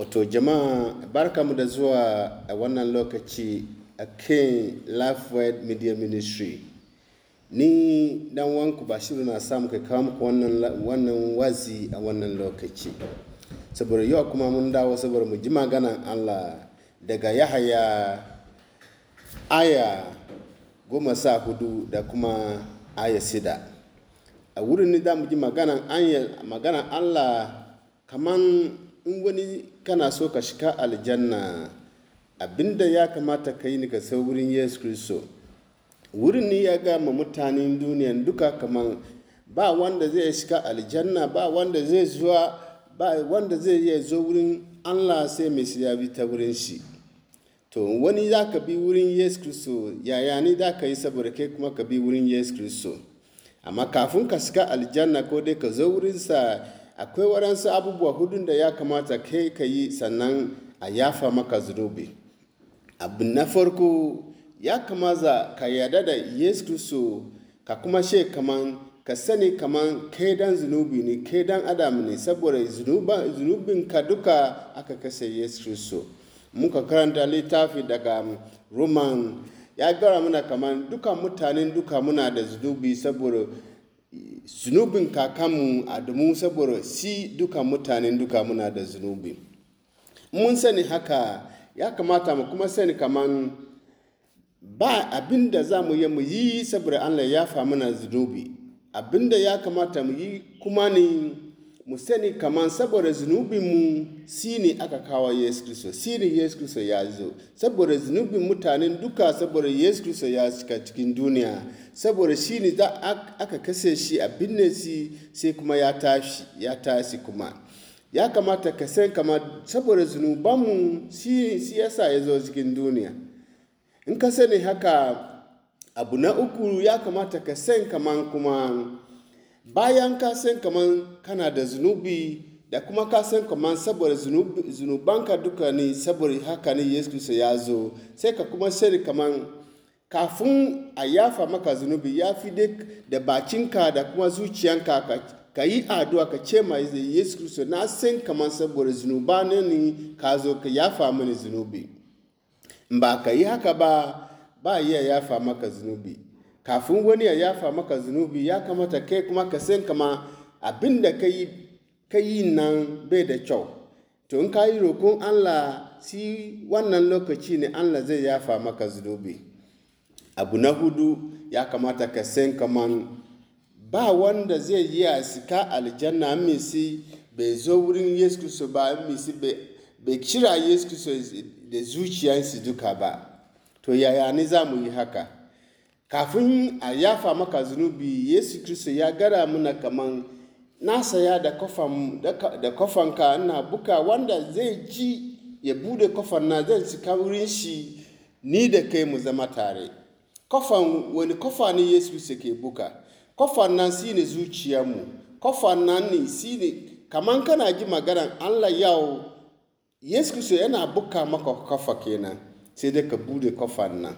Wato jama'a barka mu da zuwa a wannan lokaci a kan Lifewed Media Ministry. Ni dan wanku Bashiru na samu kai kawo muku wannan, wazi a wannan lokaci. Saboda yau kuma mun dawo saboda mu ji maganan Allah daga Yahaya aya goma sa hudu da kuma aya sida. A wurin ni da mu ji maganan Allah kaman in wani kana so ka shiga aljanna abinda ya kamata ka yi ni ka sai wurin yesu kristo wurin ni ya gama mutanen duniya duka kamar ba wanda zai shiga aljanna ba wanda zai zuwa ba wanda zai iya zo wurin allah sai mai ya bi ta wurin shi to wani za ka bi wurin yesu kristo yaya ni za ka yi saboda kai kuma ka bi wurin yesu kristo amma kafin ka shiga aljanna ko dai ka zo wurinsa akwai waɗansu abubuwa hudun da ya kamata kai ka yi sannan a yafa maka zunubi abu na farko ya kamata ka yarda da yesu kristo ka kuma she kaman ka sani kaman kai dan zunubi ne kai dan adam ne saboda zunubin ka duka aka kasa yesu kristo muka karanta littafi daga roman ya gara muna kaman duka mutanen duka muna da zunubi saboda zunubin kakanmu adamu saboda si duka mutanen duka muna da zunubi mun sani haka ya kamata mu kuma sani kaman ba abin da za mu yi saboda allah ya fa mana zunubi abin da ya kamata mu yi kuma ne mu sani kaman saboda zunubinmu shi ne aka kawo Yesu Kristo, shi ne Yesu Kristo ya zo, saboda zunubin mutanen duka saboda Yesu Kristo ya cika cikin duniya, saboda shi ne za aka kase shi a binne shi sai kuma ya tashi, ya tashi kuma. Ya kamata ka san kama saboda zunubanmu shi si ya zo cikin duniya. In ka sani haka abu na uku ya kamata ka san kaman kuma bayan ka san kaman kana da zunubi da kuma ka san kaman saboda zunubanka duka ne saboda haka ne yesu kristo ya zo sai ka kuma sani kaman kafin a yafa maka zunubi ya fi da bakinka da kuma zuciyanka ka yi addu'a ka ce ma yesu kristo na san kaman saboda zunuba ne ka zo ka yafa mini zunubi ba ka yi haka ba ba iya yafa maka zunubi kafin wani ya yafa maka zunubi ya kamata kai kuma ka san kama abin da ka yi nan bai da kyau to in ka yi roƙon allah si wannan lokaci ne allah zai yafa maka zunubi abu na hudu ya kamata ka san kama ba wanda zai yi a sika aljanna misi bai zo wurin yesu kristo ba misi bai kira yesu kristo da zuciyarsu duka ba to yaya ne za mu yi haka kafin a yafa maka zunubi yesu kristo ya gara muna kaman na saya da kofanka na buka wanda zai ji ya bude kofan na zan cika wurin shi ni da kai mu zama tare kofan wani kofa ne yesu kristo ke buka kofan nan si ne zuciyarmu kofan nan ne si ne kaman kana ji maganan allah yau yesu kristo yana buka maka kofa kenan sai dai ka bude kofan nan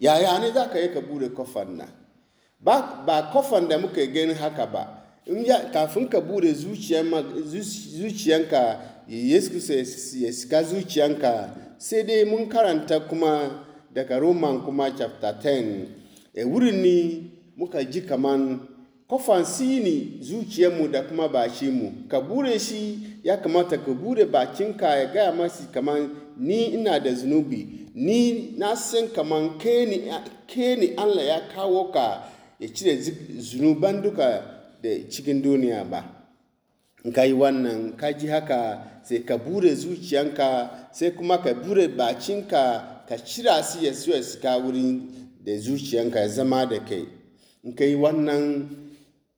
yaya ne za ka yi ka bude kofan nan ba kofan da muka gani haka ba kafin ka bude zuciyanka yesu ya shiga zuciyanka sai dai mun karanta kuma daga roman kuma chapter 10 e wurin ni muka ji kaman kofan si sini zuciyarmu da kuma mu ka bure shi ya kamata ka bure bakinka ya gaya masi kaman ni ina da zunubi ni na san kaman ke ni, Allah ya kawo ka ya cire zunuban duka da cikin duniya ba. In ka yi wannan, ka ji haka sai ka bure zuciyanka sai kuma ka bure bacinka ka cira su ya su ka wurin da zuciyanka ya zama da kai. In ka yi wannan,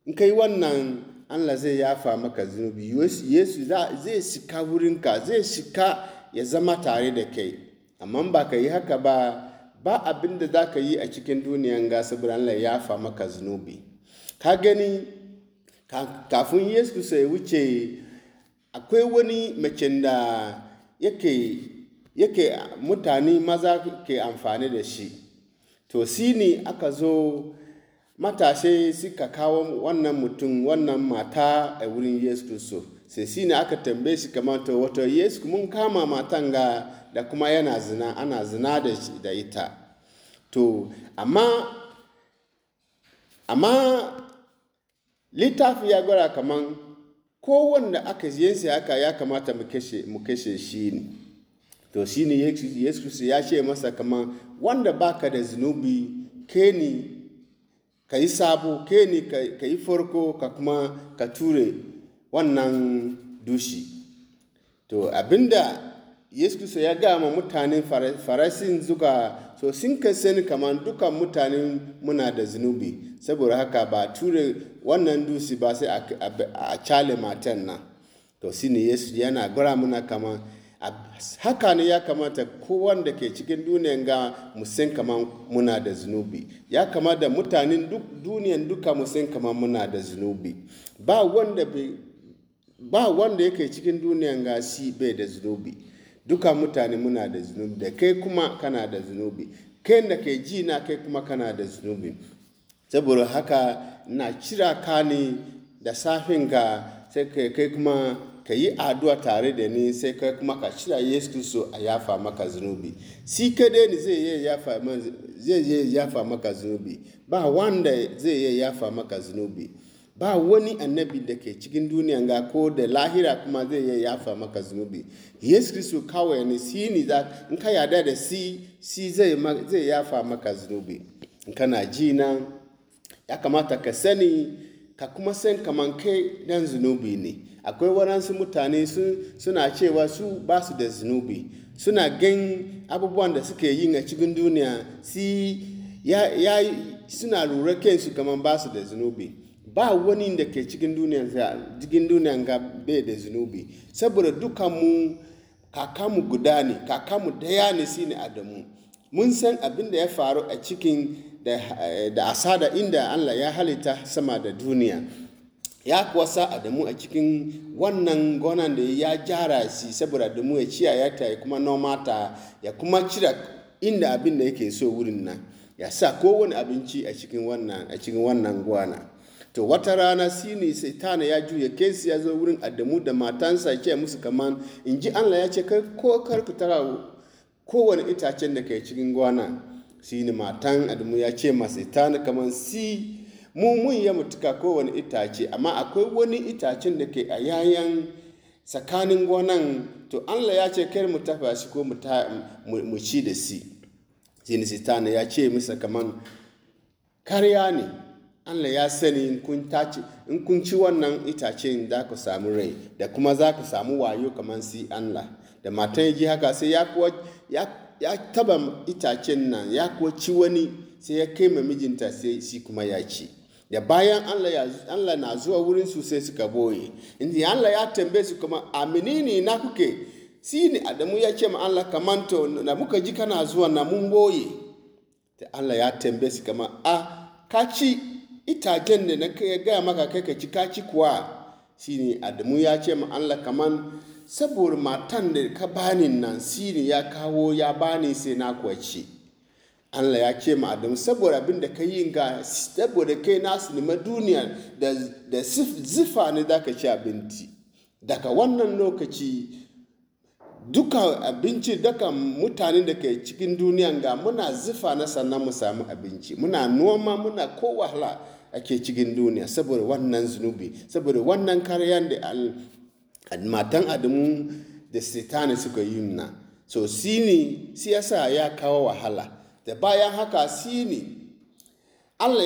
an la zai Allah zai maka zunubi, Yesu zai sika wurinka, zai sika ya zama tare da kai. amma ba ka yi haka ba ba abin da za ka yi a cikin duniyan gasa saboda Allah ya fa maka zunubi ka gani kafin yesu sai wuce akwai wani macen da yake yake mutane maza ke amfani da shi to shi ne aka zo matashe suka kawo wannan mutum wannan mata a wurin yesu kristo sai shi ne aka tambaye shi kamar ta Wata yesu mun kama matan ga da kuma yana zina ana zina da ita to amma amma littafi ya gwara kamar kowanne aka yansa haka ya kamata mu kashe shi ne to shi ne yesu ya ce masa kamar wanda baka da zunubi ke ni ka yi sabo ke ne ka yi farko ka kuma ka ture wannan dushi to abinda yesu kristo ya gama mutanen farasin zuka so sun ka sani kamar dukan mutanen muna da zunubi saboda haka ba ture wannan dusi ba sai a cale matan nan to sini yesu yana gura muna kama. haka ne ya kamata kowanda ke cikin duniyan ga musin kamar muna da zunubi ya kamata mutanen duk duniyan duka musin kamar muna da zunubi ba wanda ba wanda yake cikin duniyan ga si bai da zunubi duka mutane muna da zunubi da kai kuma kana da zunubi kai da ke ji na kai kuma kana da zunubi saboda haka na cira ka ne da safin ga sai kai kuma ka yi addu'a tare da ni sai kai kuma ka shira yesu kristo a yafa maka zunubi si dai ne zai yi yafa zai iya yafa maka zunubi ba wanda zai yi yafa maka zunubi ba wani annabi da ke cikin duniya ga ko da lahira kuma zai yi yafa maka zunubi yesu kristo kawai ne si ni za in ka yarda da si si zai yafa maka zunubi in kana ji na ya kamata ka sani ka kuma san kaman kai dan zunubi ne akwai waransu mutane suna cewa su ba su da zunubi suna gan abubuwan da suke yi a cikin duniya si ya, suna lura kansu kamar ba su da zunubi ba wani da ke cikin duniya ga bai da zunubi saboda dukanmu kakamu guda ne kakamu daya ne shine adamu mun san abin da ya faru a cikin da asada inda Allah ya halitta sama da duniya ya kuwa sa Adamu a cikin wannan gonan da ya gyara shi saboda Adamu ya ya ta ya kuma noma ta ya kuma cira inda abin da yake so wurin nan ya sa kowane abinci a cikin wannan a cikin wannan gwana to wata rana sini satana ya juya kensi ya zo wurin Adamu da matansa ce musu kaman in ji Allah ya ce kai ko karku tara kowane itacen da ke cikin gwana shine matan adamu ya ce masu itana kamar si mu mun ya mutuka kowane itace amma akwai wani itacen da ke a yayan tsakanin gonan to allah ya ce kai mu tafa shi ko mu ci da si shine sitana ya ce masa kamar karya ne allah ya sani in kun ci wannan itacen za ku samu rai da kuma za ku samu wayo kamar si allah da matan ya ji haka sai ya ya taba itacen nan ya kuwa ci wani sai ya kai ma mijinta sai shi kuma ya ci da bayan Allah na zuwa wurin su sai suka boye inda Allah ya tambaye su kuma a menene na kuke si ne Adamu ya ce ma Allah kamanto na muka ji kana zuwa na mun boye da Allah ya tambaye su kama a ka ci itaken da na kai gaya maka kai ka ci ka ci kuwa shi ne Adamu ya ce ma Allah kaman saboda matan da ka bani nan sini ya kawo ya bani sai na kwace Allah ya ce ma Adamu saboda abin da ka yi ga saboda kai na sinima duniya da da zifa ne da ka ci abinci daga wannan lokaci duka abinci daga mutane da ke cikin duniya ga muna zifa na sannan mu samu abinci muna noma muna ko wahala ake cikin duniya saboda wannan zunubi saboda wannan karyan da matan adamu da satani suka yi na so shi ne siyasa ya kawo wahala da bayan haka shi ne allah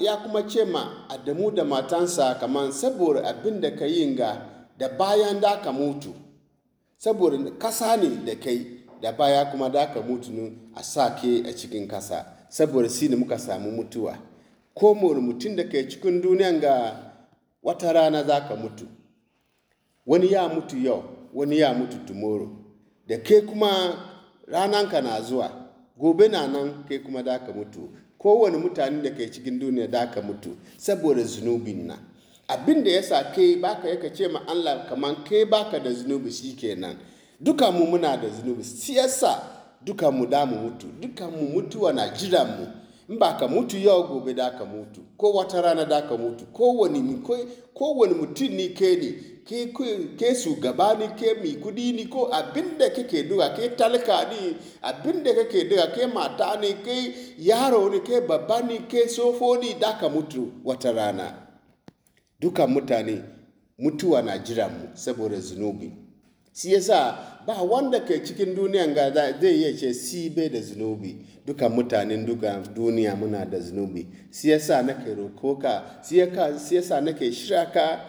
ya kuma ce ma adamu da matansa kamar saboda abin da ka yi ga da bayan da ka mutu saboda kasa ne da kai da baya kuma da ka mutu a sa ke a cikin kasa saboda shi ne muka samu mutuwa ko mutum da ke cikin duniya ga wata rana za ka mutu wani ya mutu yau wani ya mutu tomorrow da ke kuma rananka na zuwa gobe na nan kai kuma da ka mutu kowane mutane da ke cikin duniya da ka mutu saboda zunubin na abin da ya sa ke baka yaka ce ma Allah kaman ke baka da zunubi shi kenan duka mu muna da zunubi siyasa dukanmu mu da mu mutu dukanmu mutuwa na jiran mu mba ba ka mutu yau gobe da ka mutu ko wata rana da ka mutu kowane mutum ni ke ni ke shugaba ni ke mi kudi ni ko abinda kake duka ke talka ni abinda kake duka ke mata ni ke yaro ni ke babba ni ke sofo ni da ka mutu wata rana duka mutane mutuwa na jiran mu saboda zunubi shi yasa ba wanda ke cikin duniyan ga zai iya ce si bai da zunubi duka mutane duka duniya muna da zunubi shi yasa nake ka shi yasa nake shiraka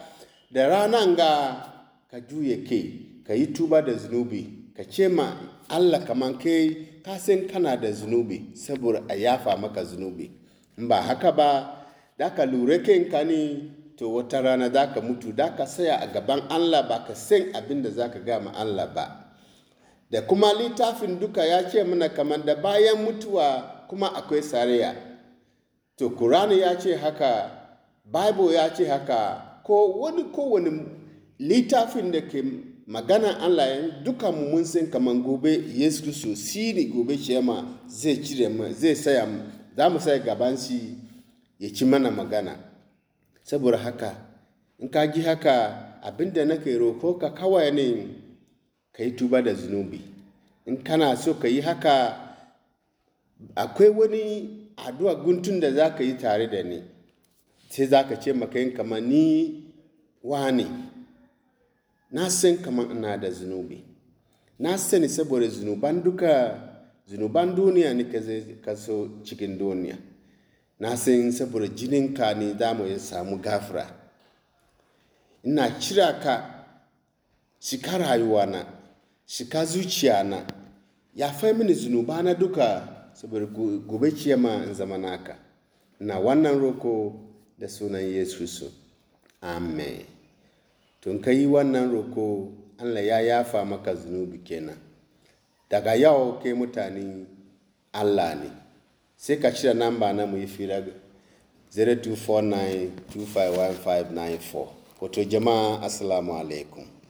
da ranan ga ka juye ke ka yi tuba da zunubi ka ce ma allah kaman kai ka san kana da zunubi saboda a yafa maka zunubi in ba haka ba da ka lura ka ne to wata rana za ka mutu da ka saya a gaban Allah ba ka san abin da za ka gama Allah ba da kuma littafin duka ya ce mana kamar da bayan mutuwa kuma akwai sariya to Kur'ani ya ce haka Bible ya ce haka ko wani kowane littafin da ke magana Allah ya duka mu mun san kamar gobe Yesu Kristo shi ne gobe shema zai cire mu zai saya mu za mu saya gaban shi ya ci mana magana saboda haka in ka ji haka abinda da yi roko ka kawai ne ka yi tuba da zunubi in kana so ka yi haka akwai wani addu'a guntun da za ka yi tare da ni sai za ka ce maka yin kama ni ne. na san kama ina da zunubi na sani saboda zunuban duka zunuban duniya ne ka so cikin duniya na san saboda jininka ne za mu samu gafira ina kira ka shika rayuwana shika zuciyana ya fai mini na duka saboda gobe kiyama in zama naka na wannan roko da sunan yesu su amen tun ka yi wannan roko allah ya yafa maka zunubi kenan daga yau kai mutane allah ne sai ka cire namba na mu yi fira 0249251594 wato jama'a assalamu alaikum